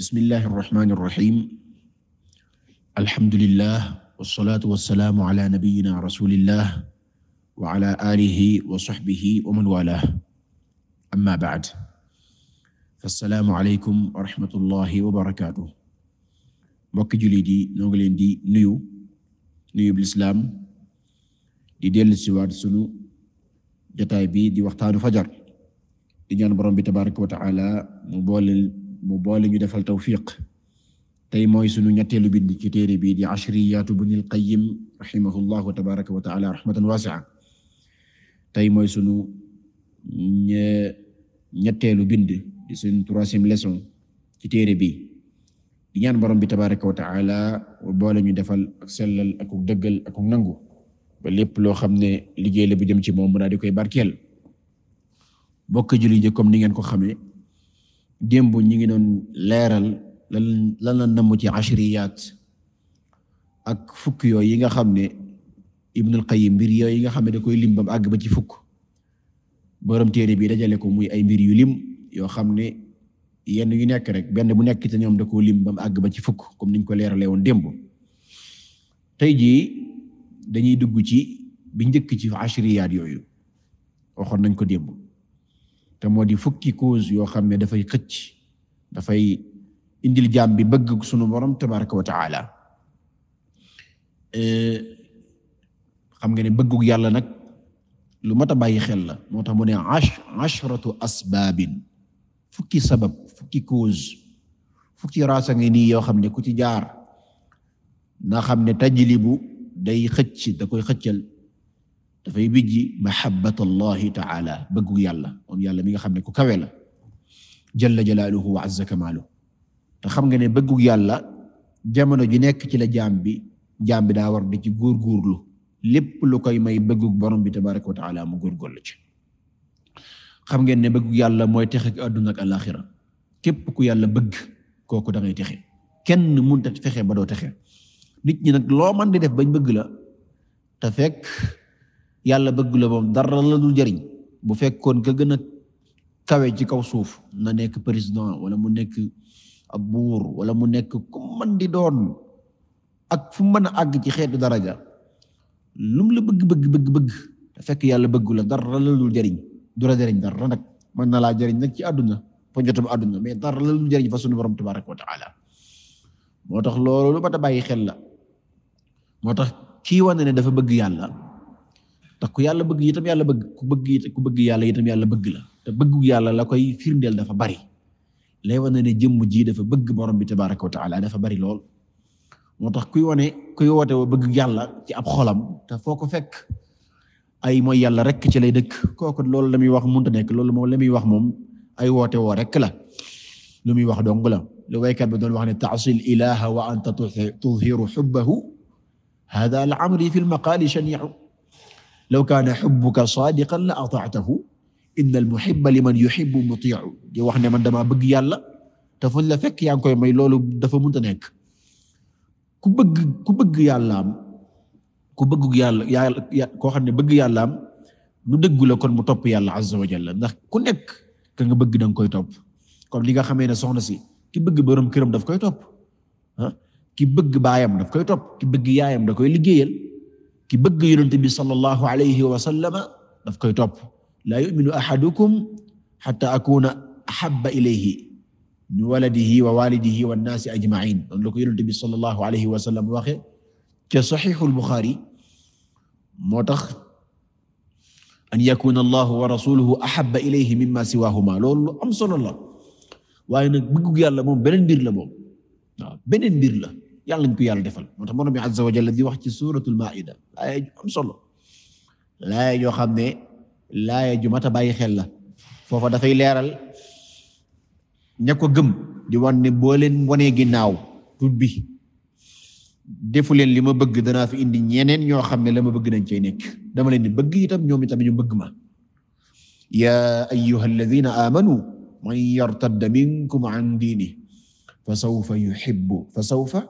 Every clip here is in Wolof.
bismillahi arrahmani irrahim alhamdulillah wasalaatu wasalaamu ala nabiyina rasulillah wa ala alihi wa sahbihi wa man walah amma ba'd fassalaamu aleykum wa rahmatullahi wa barakatuh mbokki jullit yi ñoo ngi leen di nuyu nuyu lislaam di dellu si waat sunu jotaay bi di waxtaanu fajar di ñaan borom bi tabaraka wa taala mu booleel mu boole ñu defal tawfiq tey mooy sunu ñetteelu bind ci téere bii di ashriyaatu Ibnul Qayyim rahimahullahu tabaraka wa taala rahmatan waasi'a tey mooy sunu ñetteelu bind di sunu troisième leçon ci téere bi di ñaan borom bi tabaraka wa taala boole ñu defal ak sellal ak dëggal ak nangu ba lépp loo xam ne liggéey la bu jëm ci moom mu daal di koy barkeel bokk julli ji comme ni ngeen ko xamee démb ñu ngi doon leeral lan lan la namm ci ashriyaat ak fukk yooyu yi nga xam ne Ibnul Qayyim mbir yooyu yi nga xam ne da koy lim bam àgg ba ci fukk borom téere bi dajale ko muy ay mbir yu lim yoo xam ne yenn yu nekk rek benn bu nekk te ñoom da koo lim bam àgg ba ci fukk comme niñ ko leeralee woon démb tey jii dañuy dugg ci bi njëkk ci ashriyaat yooyu waxoon nañ ko démb te moo di fukki cause yoo xam ne dafay xëcc dafay indil jaam bi bëgg sunu borom tabaraka wa taala eh, xam nga ne bëggug yàlla nag lu mat a bàyyi xel la moo tax mu ne ashratu asbaabin fukki sabab fukki cause fukki raasa ngi yoo xam ne ku ci jaar na xam ne tajlibu day xëcc da koy xëccal dafay bijji mahabbata allahi taala bëggu yàlla moom yàlla mi nga xam ne ku kawe la jalla jalaaluhu wa azza kamaaluhu te xam nga ne bëggu yàlla jamono ji nekk ci la jaam bi jaam bi daa war di ci góorgóorlu lépp lu koy may bëggu borom bi tabaraka wa taala mu góorgóorlu ci xam ne bëggu yàlla mooy texe ak àdduna ak képp ku yàlla bëgg kooku da texe kenn mënut a fexe ba doo texe nit ñi nag loo mën di def bañ bëgg la te fekk yàlla bëgg la moom dara la dul jariñ bu fekkoon ka gën a kawe ci kaw suuf na nekk président wala mu nekk a buur wala mu nekk ku mën di doon ak fu mën a àgg ci xeetu dara lu lum la bëgg bëgg bëgg bëgg te fekk yàlla bëggu la dara la dul jariñ du la jariñ dara nag mën na laa jariñ nag ci àdduna poñjotam àdduna mais dara la dul jariñ fa sunu borom tabaraka wa taala moo tax loolu lu mat a bàyyi xel la moo tax kii wane ne dafa bëgg yàlla tax ku yàlla bëgg itam yàlla bëgg ku bëgg it ku bëgg yàlla itam yàlla bëgg la te bëggu yàlla la koy firndeel dafa bari lay wane ne jëmm ji dafa bëgg borom bi tabaraka wa taala dafa bari lool moo tax kuy wane kuy woote wa bëgg yàlla ci ab xolam te foo ko fekk ay mooy yàlla rek ci lay dëkk kooku loolu la muy wax munta nekk loolu moom la muy wax moom ay woote woo rek la lu muy wax dong la lu waykat ba doon wax ne taasil ilaha wa anta tudhiru xubbahu hada al amri fi lmaqaali shaniu law kaana hubbuka saadiqan la ataatahu inna al muhibba liman yuhibbu muti'u di wax ne man dama bëgg yàlla te fuñ la fekk yaa ngi koy may loolu dafa mënta nekk ku bëgg ku bëgg yàllaam ku bëgg yàlla yàlla koo xam ne bëgg yàllaam lu dëggu la kon mu topp yàlla azza wa jalla ndax ku nekk ka nga bëgg da nga koy topp comme li nga xamee ne soxna si ki bëgg borom këram daf koy topp ah ki bëgg baayam daf koy topp ki bëgg yaayam da koy liggéeyal ki bëgg yonent bi sallallahu alayhi wa sallam daf koy topp laa yu'minu ahadukum hatta akuna ahabba ilayhi min waladihi wa walidihi wa nnaasi ajma'in loolu la ko yonent bi sallallahu alayhi wa sallam waxe ca saxiixul Buxaari moo tax an yakuna allahu wa rasuluhu ahabba ilayhi mimma siwaahuma loolu lu am solo la waaye nag bëggu yàlla moom beneen mbir la moom waaw beneen mbir la yàlla nañ ko yàlla defal moo tax borom bi azza wa jalla di wax ci suratul maida laaya ju am solo laaya joo xam ne laaya ju mat a bàyyi xel la foofa dafay leeral ña ko gëm di wan ne boo leen wanee ginnaaw tut bi defu leen li ma bëgg danaa fi indi ñeneen ñoo xam ne la ma bëgg nañ cay nekk dama leen ni bëgg itam ñoom itam ñu bëgg ma yaa ayyuha alladhina amanu man yartadda minkum an diini fa sawfa yuhibbu fa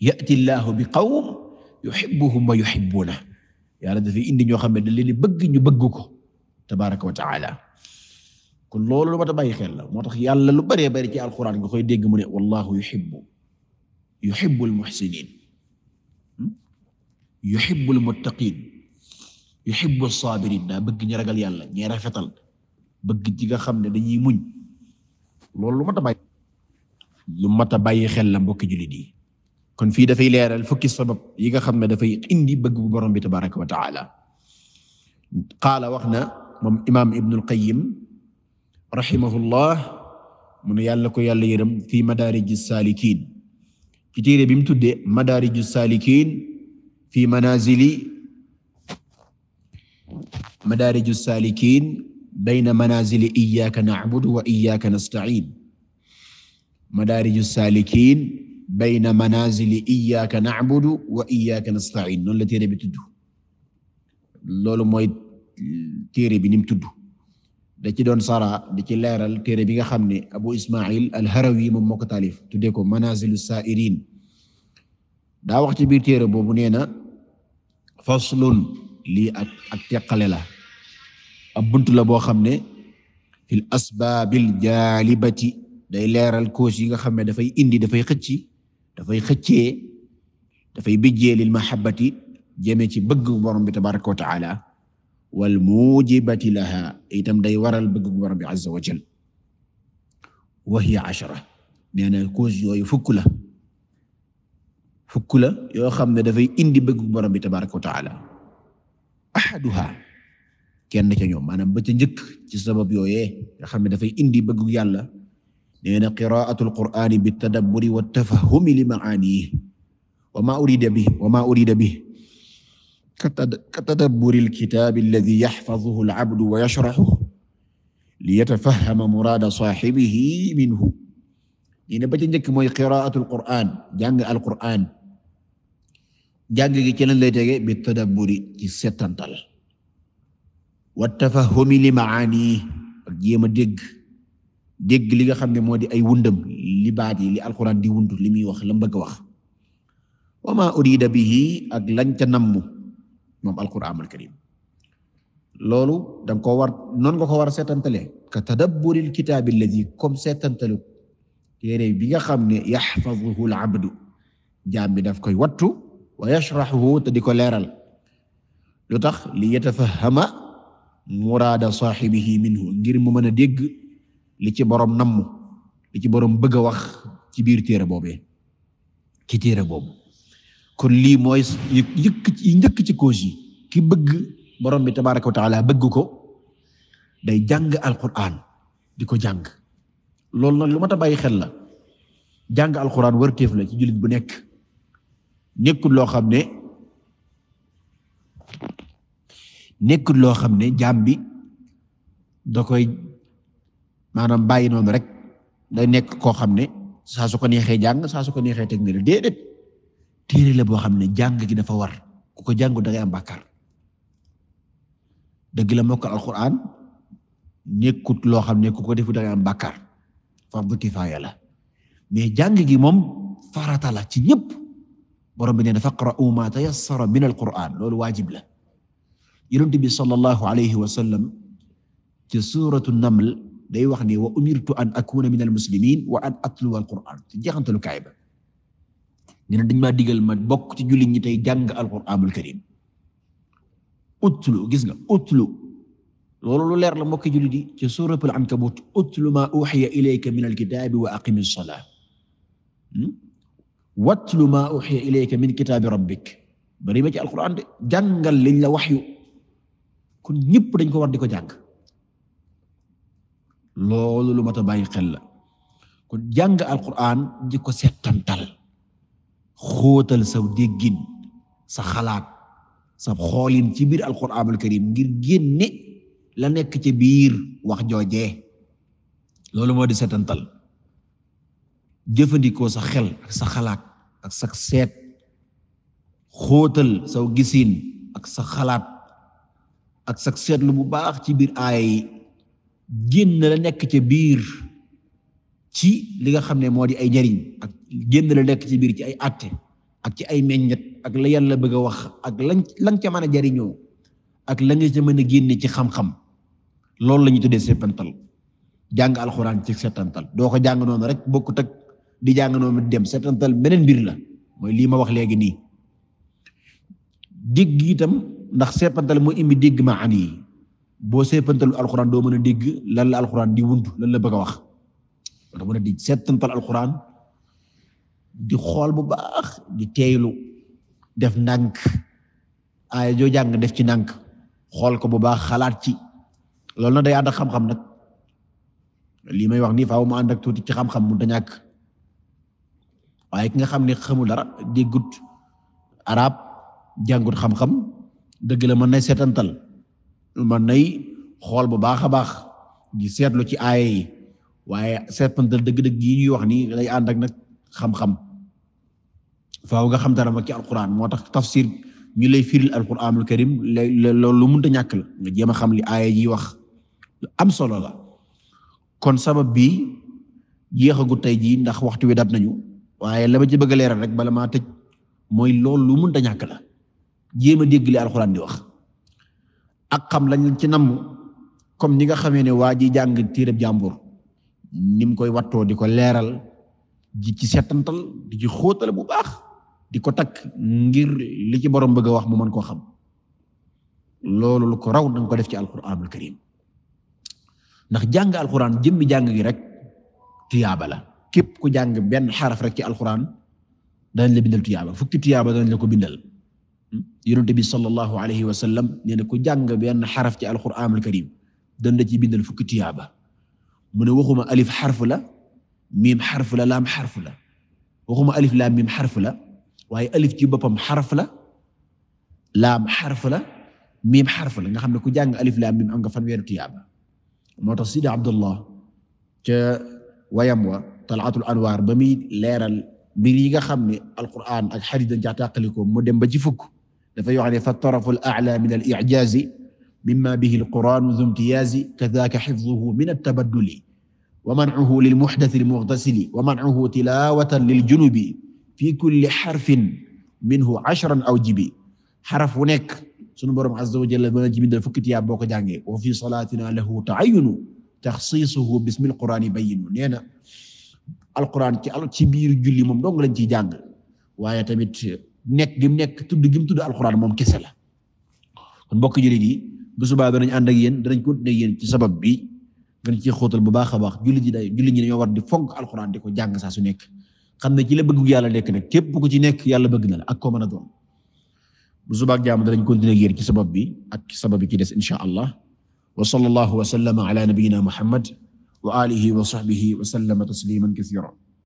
yati llahu bi qawm yuhibbuhum wa yuhibbuna yàlla dafay indi ñoo xam ne da leen di bëgg ñu bëgg ko tabaraka wa taala kon loolu lu ma ta bàyyi xel la moo tax yàlla lu baree bari ci alquran nga koy dégg mu ne wallahu yuhibbu yuhibbul muhsinin hmm? yuhibbul muttaqin yuhibbus sabirin daa bëgg ñu ragal yàlla ñi rafetal bëgg ci nga xam ne dañuy muñ loolu lu ma ta bàyyi lu ma ta bàyyi xel la mbokki jullit yi kon fii dafay leeral fukki sabab yi nga xam ne dafay indi bëgg bu borom bi tabaraka wa taala qaala wax na moom imaam Ibnul Qayyim rahimahullah mu ne yàlla ko yàlla yërëm fii madaariji saalikiin ci téere bi mu tuddee madaariju saalikiin fii manaazili madaariju saalikiin bayna manaazili iyyaaka na'budu wa iyyaaka nasta'iin madaariju saalikiin bayna manazili iyyaka na'budu wa iyyaka nasta'in noonu la téere bi tuddu loolu mooy téere bi ni mu tudd da ci doon sara da ci leeral téere bi nga xam ne Abu Ismail al-Harawi moom moo ko taalif tuddee ko manazilu sa'irin daa wax ci biir téere boobu nee na faslun lii ak ak teqale la ab bunt la boo xam ne fil asbaabil jaalibati day leeral cause yi nga xam ne dafay indi dafay xëcci dafay xëccee dafay bijjee lil mahabbati jëme ci bëgg borom bi tabaraka wa taala wal mujibati laha itam day waral bëgg borom bi azza wa jal wa hiya ashara nee na yooyu fukk la fukk la yoo xam ne dafay indi bëgg borom bi tabaraka wa taala ahaduha kenn ca ñoom maanaam ba ca njëkk ci sabab yooyee nga xam ne dafay indi bëgg yàlla nee na qira'atul qur'ani bi tadabburi wa tafahumi li ma'anihi wa ma urida bi wa ma urida bi ka tadabburi alkitabi alladhi yahfazuhu al'abdu wa yashrahuhu li yatafahhama murada sahibihi minhu nee na ba ca njëkk mooy qira'atul qur'an jàng alqur'an jàng gi ci lan lay tege bi tadabburi ci setantal wa tafahumi li ma'anihi ak jéem a dégg dégg li nga xam ne moo di ay wundam li baat yi li alxuraan di wundu li muy wax la mbëgg wax wa ma urida bihi ak lañ ca namm moom alxuraanul karim loolu danga ko war noonu nga ko war a seetantale ka tadabburil kitaabi alladi comme seetantalu téere bi nga xam ne yaxfazuhu al jaam bi daf koy wattu wa yashraxuhu te di ko leeral lu tax li yatafahama muraada saaxibihi minhu ngir mu mën a dégg li ci boroom namm li ci boroom bëgg a wax ci biir téere boobe ci téere boobu kon lii mooy yëkk ci njëkk ci cause yi ki bëgg boroom bi tabaraka wa taala bëgg ko day jàng alquran di ko jàng loolu nag lu mat a bàyyi xel la jàng alquran wërteef la ci jullit bu nekk nekkul loo xam ne nekkul loo xam ne jaam bi da koy maanaam bàyyi noonu rek day nekk koo xam ne saa su ko neexee jàng saa su ko neexee teg nii déedéet téere la boo xam ne jàng gi dafa war ku ko jàng da ngay am dëgg la mokkal alquran loo xam ne ku ko defu da ngay am bàkkaar fardu kifaaya la mais jàng gi moom farata la ci ñëpp borom bi nee na faqra'u ma tayassara min alquran loolu waajib la di bi sallallahu alayhi wa sallam suuratu naml day wax ne wa umirtu an akuna min al muslimin wa an atluwa al quran ci jeexantalu kaay ba nee na dañ maa digal ma bokk ci jullit ñi tey jàng al quranul karim utlu gis nga loolu lu leer la mbokki jullit yi ci suratul ankabut utlu ma uxiya ilayka min al kitaabi wa aqimi salaa hmm? watlu ma uxiya ilayka min kitaabi rabbik bari ba ci alquran de jàngal la waxyu kon ñëpp dañ ko war di ko jàng loolu lu mat a bàyyi xel la ko jàng alquran di ko settantal xootal sa déggin sa xalaat sa xoolin ci biir alquranul karim ngir génne la nekk ci biir wax joojee loolu moo di settantal jëfandikoo sa xel sa xalaat ak sag seet xootal saw gisin ak sa xalaat ak sa seetlu bu baax ci biir aaya yi génn la nekk ca biir ci li nga xam ne moo di ay jariñ ak génn la nekk ci biir ci ay àtte ak ci ay meññet ak la yàlla bëgg a wax ak lañ lañ ca mën a jariñoo ak la nga ca mën a génne ci xam-xam loolu lañu tëddee tuddee seppantal jàng alxuraan ci settantal doo ko jàng noonu rek bokkut ak di jàng noonu dem settantal beneen mbir la mooy lii ma wax léegi nii dégg itam ndax seppantal moo indi dégg ma am yi boo seepantalu alxuraan doo mën a dégg lan la alxuraan di wund lan la bëgga wax doo mën di seetantal alxuraan di xool bu baax di teeylu def ndànk aaya joo jàng def ci ndànk xool ko bu baax xalaat ci loolu na day ànd ak xam-xam nag lii may wax nii faaw ma ànd ak ci xam-xam mu da ñàkk waaye ki nga xam ne xamul dara déggut araab jàngut xam-xam dëgg la mën na seetantal man nay xool bu baax a baax di seetlu ci aaya yi waaye seetpantal dëgg-dëgg yi ñuy wax nii lay ànd ak nag xam-xam faaw nga xam dara ma ci alquran moo tax tafsir ñu lay firil alquranul karim loolu lu mun ñàkk la nga jéem a xam li aaya yi wax am solo la kon sabab bi jeexagu tey jii ndax waxtu wi dab nañu waaye la ma ci bëgg a rek bala maa mooy loolu lu mënta ñàkk la a dégg li alquran di wax ak xam lañ ci namm comme ni nga xamee ne waa ji jàng tiirab jàmbur ni koy wattoo di ko leeral ji ci setantal di ci xóotale bu baax di ko takk ngir li ci boroom bëgg a wax mu mën koo xam loolu lu ko raw danga ko def ci alquranul karim ndax jàng alquran jëmmi jàng gi rek tiyaaba la képp ku jàng benn xaraf rek ci alquran danañ la bindal tiyaaba fukki tiyaaba danañ la ko bindal yonent bi sallallahu alayhi wa sallam nee na ku jàng xaraf ci alquraanul karim dana ci bindal fukki tuyaaba mu ne waxuma alif xarf la miim xarf la laam xarf miim xarf waaye alif ci boppam xarf la laam xarf xarf la nga xam ne ku jàng alif laam miim am nga fanweeri tuyaaba moo tax Sidi Abdullah ca wayam wa Talaatul Anwaar ba muy leeral mbir yi nga xam ne alquraan ak xadiis dañ caa tàqalikoo mu dem ba ci fukk dafay wax ne fa tarafu al a'la min al i'jaazi mimma bihi al qur'aanu dhu imtiyaazi kadhaaka hifdhuhu min at tabadduli wa man'uhu lil muhdathi al mughtasili wa man'uhu tilaawatan lil junubi fi kulli harfin minhu ashran aw jibi xaraf wu nekk sunu borom azza wa jalla bana ci bindal fukki tiyaab boo ko jàngee wa fi salaatina lahu ta'ayyunu taxsiisuhu bismil qur'aani bayyinu nee na alqur'aan ci al ci biir julli moom dong lañ ciy jàng waaye tamit nekk gi mu nekk tudd gi mu tudd alxuraan moom kese la kon mbokk jullit yi bu subaa danañ ànd ak yéen danañ continuer yéen ci sabab bi gën ci xóotal bu baax a baax julli yi day jullit ñi dañoo war di fonk alxuraan di ko jàng saa su nekk xam ne ci la bëgg yàlla nekk nag képp ku ci nekk yàlla bëgg na la ak koo mana a doon bu subaa jaamu danañ continuer ak yéen ci sabab bi ak sabab bi ci des insha allah wa sallallahu wa sallama ala nabiyyina muhammad wa alihi wa sahbihi wa sallama tasliman kathiran